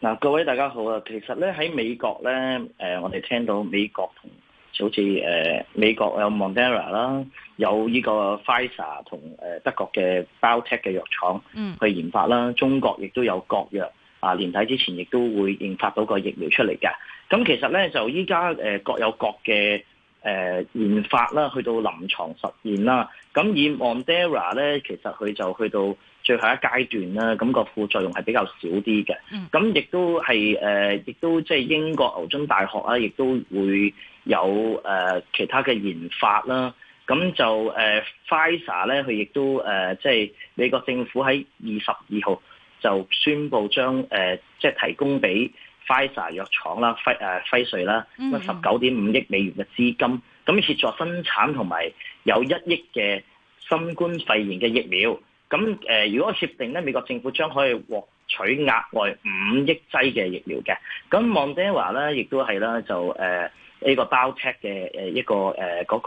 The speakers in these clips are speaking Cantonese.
嗱，各位大家好啊，其實咧喺美國咧，誒我哋聽到美國同就好似誒美國有 Moderna 啦，有呢個、Pfizer 同誒德國嘅 BioNTech 嘅藥廠去研發啦。嗯、中國亦都有國藥啊，年底之前亦都會研發到個疫苗出嚟嘅。咁其實咧就依家誒各有各嘅誒研發啦，去到臨床實驗啦。咁以 Moderna 咧，其實佢就去到最後一階段啦，咁個副作用係比較少啲嘅。咁亦都係誒，亦、呃、都即係英國牛津大學啦，亦都會有誒、呃、其他嘅研發啦。咁就誒，Pfizer 咧，佢、呃、亦都誒，即、呃、係、就是、美國政府喺二十二號就宣布將誒，即、呃、係、就是、提供俾 Pfizer 藥廠啦，輝誒、呃、輝瑞啦，咁十九點五億美元嘅資金，咁協助生產同埋有一億嘅新冠肺炎嘅疫苗。咁誒，如果協定咧，美國政府將可以獲取額外五億劑嘅疫苗嘅。咁 Moderna 咧，亦都係啦，就誒呢個 BioTech 嘅一個誒嗰、呃那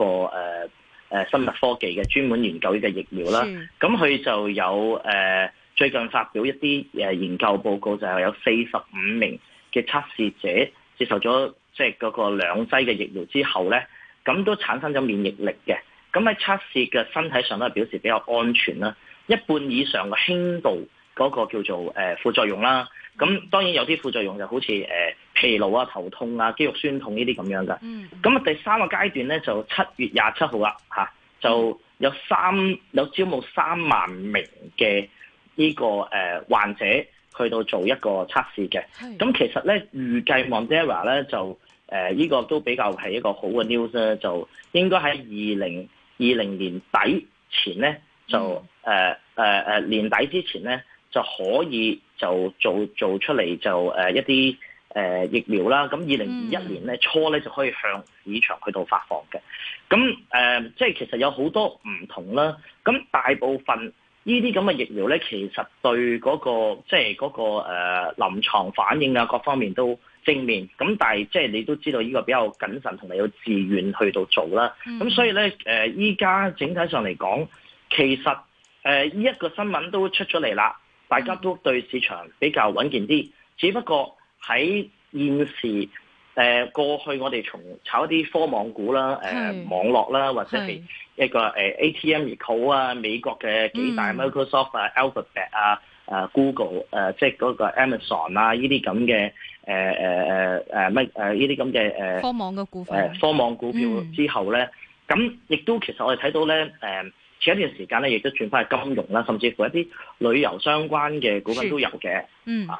個誒生物科技嘅專門研究呢個疫苗啦。咁佢的就有誒、呃、最近發表一啲誒研究報告，就係有四十五名嘅測試者接受咗即係嗰個兩劑嘅疫苗之後咧，咁都產生咗免疫力嘅。咁喺測試嘅身體上都係表示比較安全啦。一半以上嘅輕度嗰個叫做誒、呃、副作用啦，咁當然有啲副作用就好似誒、呃、疲勞啊、頭痛啊、肌肉酸痛呢啲咁樣嘅。嗯、mm。咁啊，第三個階段咧就七月廿七號啊，嚇就有三有招募三萬名嘅呢、這個誒、呃、患者去到做一個測試嘅。咁、mm hmm. 其實咧，預計 Moderna 咧就誒呢、呃這個都比較係一個好嘅 news 咧，就應該喺二零二零年底前咧。就誒誒誒年底之前咧，就可以就做做出嚟就誒、呃、一啲誒、呃、疫苗啦。咁二零二一年咧，初咧就可以向市場去到發放嘅。咁誒、呃，即係其實有好多唔同啦。咁大部分呢啲咁嘅疫苗咧，其實對嗰、嗰個即係嗰個臨、呃、床反應啊，各方面都正面。咁但係即係你都知道呢個比較謹慎，同埋要自願去到做啦。咁所以咧誒，依、呃、家整體上嚟講，其實，誒呢一個新聞都出咗嚟啦，大家都對市場比較穩健啲。嗯、只不過喺現時，誒、呃、過去我哋從炒一啲科網股啦，誒是、呃、網絡啦，或者係一個、呃、ATM e c 熱口啊，美國嘅幾大 Microsoft 啊、嗯、Alphabet 啊、呃、Google 誒、呃，即係嗰個 Amazon 啊，呢啲咁嘅誒誒誒誒乜誒呢啲咁嘅科網嘅股、呃、科網股票之後咧，咁、嗯嗯、亦都其實我哋睇到咧，呃前一段時間咧，亦都轉翻係金融啦，甚至乎一啲旅遊相關嘅股份都有嘅，嗯啊。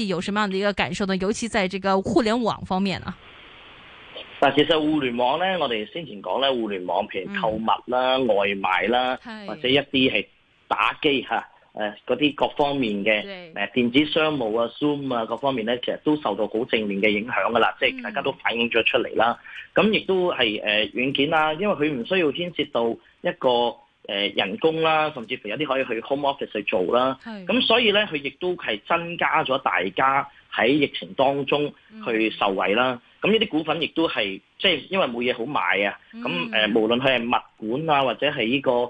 有什麼樣的一個感受呢？尤其在這個互聯網方面啊。但其實互聯網呢，我哋先前講咧，互聯網譬如購物啦、嗯、外賣啦，嗯、或者一啲係打機吓，誒嗰啲各方面嘅誒對、呃、電子商務啊、Zoom 啊各方面呢，其實都受到好正面嘅影響噶啦，嗯、即係大家都反映咗出嚟啦。咁亦都係誒軟件啦，因為佢唔需要牽涉到一個。誒、呃、人工啦，甚至乎有啲可以去 home office 去做啦。咁的所以呢，佢亦都係增加咗大家喺疫情當中去受惠啦。咁呢啲股份亦都係即係因為冇嘢好買啊。咁、嗯呃、無論佢係物管啊，或者係呢、這個誒誒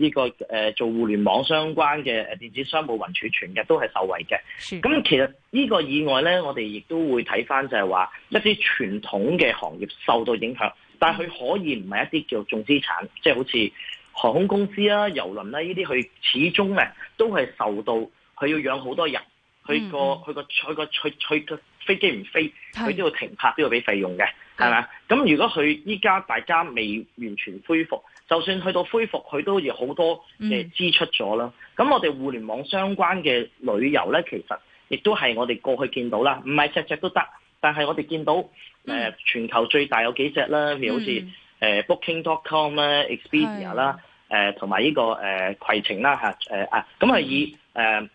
呢個誒、呃、做互聯網相關嘅電子商務雲儲存嘅，都係受惠嘅。咁的其實呢個意外呢，我哋亦都會睇翻就係話一啲傳統嘅行業受到影響，嗯、但係佢可以唔係一啲叫做重資產，即係好似。航空公司啊、郵輪啊呢啲佢始終咧都係受到佢要養好多人，佢個佢個佢個佢佢個飛機唔飛，佢都要停泊，都要俾費用嘅，係咪？咁的如果佢依家大家未完全恢復，就算去到恢復，佢都要好多嘅支出咗啦。咁、嗯、我哋互聯網相關嘅旅遊咧，其實亦都係我哋過去見到啦，唔係隻隻都得，但係我哋見到誒、嗯、全球最大有幾隻啦，譬如好似。嗯誒、uh, Booking. dot com 啦 Expedia 啦的、誒同埋呢個誒攜、uh, 程啦嚇誒啊，咁係以誒，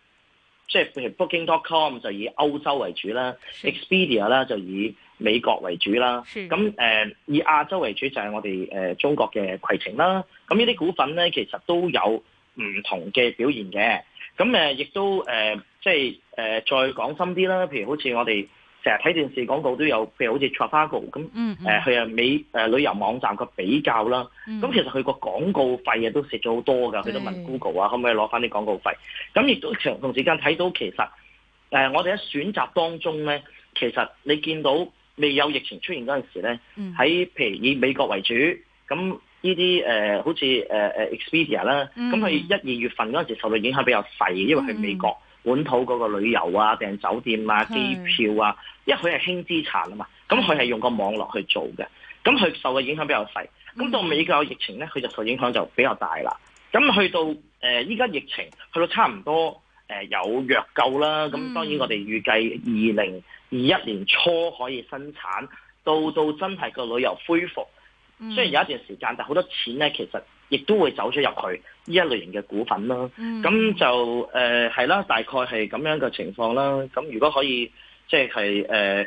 即係譬、uh, 如 Booking. dot com 就以歐洲為主啦的，Expedia 啦、uh, 就以美國為主啦，咁誒的、uh, 以亞洲為主就係我哋誒、uh, 中國嘅攜程啦。咁呢啲股份咧其實都有唔同嘅表現嘅，咁誒亦都誒即係誒再講深啲啦，譬如好似我哋。成日睇電視廣告都有，譬如好似 Trivago 咁，誒係啊美誒旅遊網站嘅比較啦。咁、mm hmm. 其實佢個廣告費都很、mm hmm. 啊都蝕咗好多㗎，佢都問 Google 啊可唔可以攞翻啲廣告費。咁亦都長同時間睇到其實誒、呃、我哋喺選擇當中咧，其實你見到未有疫情出現嗰陣時咧，喺、mm hmm. 譬如以美國為主，咁呢啲誒好似誒誒、呃、Expedia 啦，咁佢一二月份嗰陣時候受到影響比較細，因為喺美國。Mm hmm. 本土嗰個旅遊啊，訂酒店啊、機票啊，是因為佢係輕資產啊嘛，咁佢係用個網絡去做嘅，咁佢受嘅影響比較細。咁到美國疫情咧，佢就受影響就比較大啦。咁去到誒依家疫情去到差唔多誒、呃、有藥救啦。咁當然我哋預計二零二一年初可以生產，到到真係個旅遊恢復，雖然有一段時間，但好多錢咧其實。亦都會走咗入去呢一類型嘅股份啦，咁、嗯、就誒係、呃、啦，大概係咁樣嘅情況啦。咁如果可以，即係係誒。呃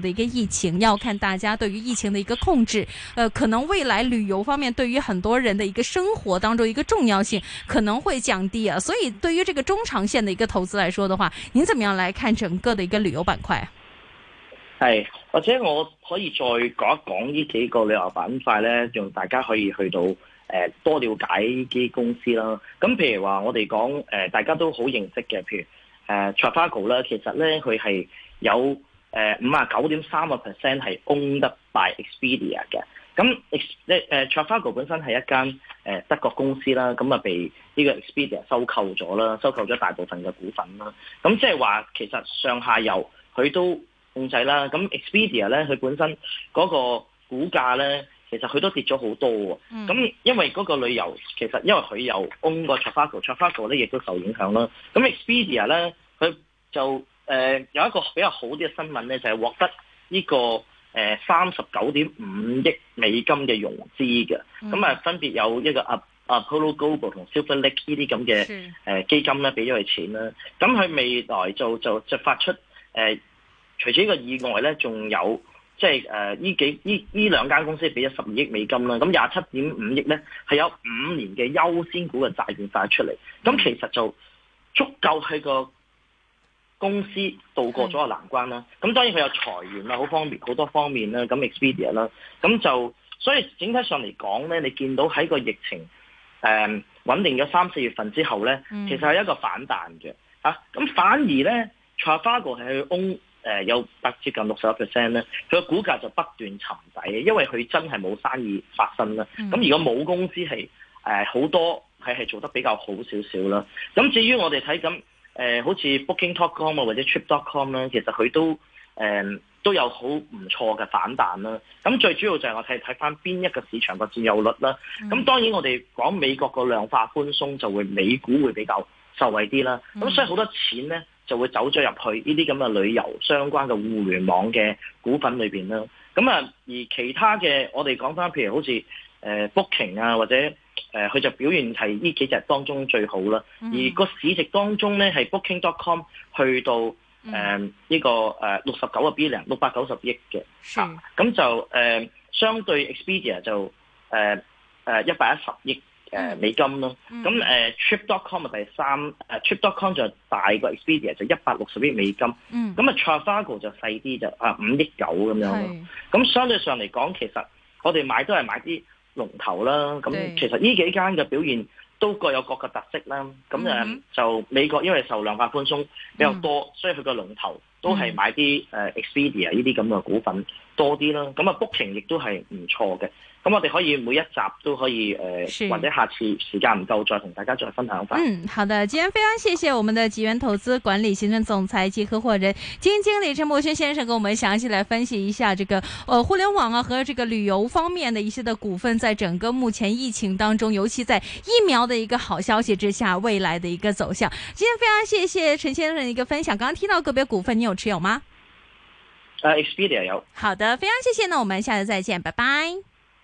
的一個疫情要看大家對於疫情的一個控制，呃，可能未來旅遊方面對於很多人的一個生活當中一個重要性可能會降低啊，所以對於這個中長線的一個投資來說的話，您怎麼樣來看整個的一個旅遊板塊？係，或者我可以再講一講呢幾個旅遊板塊咧，讓大家可以去到誒、呃、多了解呢啲公司啦。咁譬如話我哋講誒、呃，大家都好認識嘅，譬如誒、呃、Trivago 啦，其實咧佢係有。誒五啊九點三個 percent 係 owned by Expedia 嘅，咁 Exp 誒誒 Trafalgar 本身係一間誒德國公司啦，咁啊被呢個 Expedia 收購咗啦，收購咗大部分嘅股份啦，咁即係話其實上下游佢都控制啦，咁 Expedia 咧佢本身嗰個股價咧，其實佢都跌咗好多喎，咁因為嗰個旅遊其實因為佢又 own 個 Trafalgar Trafalgar 咧亦都受影響啦，咁 Expedia 咧佢就。誒、呃、有一個比較好啲嘅新聞咧，就係、是、獲得呢、這個誒三十九點五億美金嘅融資嘅，咁啊、嗯、分別有一個啊啊 Apollo Global 同 Silver Lake 呢啲咁嘅誒基金咧，俾咗佢錢啦。咁佢未來做做就，就發出誒、呃，除咗呢個以外咧，仲有即係誒呢幾呢呢兩間公司俾咗十二億美金啦。咁廿七點五億咧係有五年嘅優先股嘅債券發出嚟，咁其實就足夠去個。嗯公司渡過咗個難關啦，咁是當然佢有財源啦，好方面好多方面啦，咁 Expedia 啦，咁就所以整體上嚟講咧，你見到喺個疫情誒、嗯、穩定咗三四月份之後咧，其實係一個反彈嘅嚇，咁、嗯啊、反而咧 Trivago 係空誒有達接近六十 percent 咧，佢嘅股價就不斷沉底嘅，因為佢真係冇生意發生啦。咁、嗯、如果冇公司係誒好多係係做得比較好少少啦。咁至於我哋睇緊。誒、呃，好似 Booking.com 啊，或者 Trip.com、呃、啦，其實佢都誒都有好唔錯嘅反彈啦。咁最主要就係我睇睇翻邊一個市場個佔有率啦。咁、嗯、當然我哋講美國個量化寬鬆就會美股會比較受惠啲啦。咁、嗯、所以好多錢咧就會走咗入去呢啲咁嘅旅遊相關嘅互聯網嘅股份裏邊啦。咁啊，而其他嘅我哋講翻，譬如好似、呃、Booking 啊，或者。誒佢、呃、就表現係呢幾隻當中最好啦，嗯、而個市值當中咧係 Booking.com 去到誒呢、嗯呃這個誒六十九個 billion 六百九十億嘅，嚇咁是、啊、就誒、呃、相對 Expedia 就誒誒一百一十億誒、呃、美金咯，咁誒、嗯呃、Trip.com 係第三誒、呃、Trip.com 就大過 Expedia 就一百六十億美金，咁啊、嗯、Trivago 就細啲就啊五、呃、億九咁樣咯，咁是相對上嚟講，其實我哋買都係買啲。龍頭啦，咁其實呢幾間嘅表現都各有各嘅特色啦。咁誒，就美國因為受量化寬鬆比較多，所以佢個龍頭都係買啲誒 Expedia 呢啲咁嘅股份多啲啦。咁啊 Booking 亦都係唔錯嘅。.咁、嗯、我哋可以每一集都可以誒，或、呃、者是下次時間唔夠再同大家再分享翻。嗯，好的。今天非常謝謝我們的集源投資管理行政總裁及合伙人金經理陳柏軒先生，跟我們詳細來分析一下這個，呃，互聯網啊和這個旅遊方面的一些的股份，在整個目前疫情當中，尤其在疫苗的一個好消息之下，未來的一個走向。今天非常謝謝陳先生一個分享。剛剛聽到個別股份，你有持有嗎？呃、uh, Expedia 有。好的，非常謝謝。那我們下次再見，拜拜。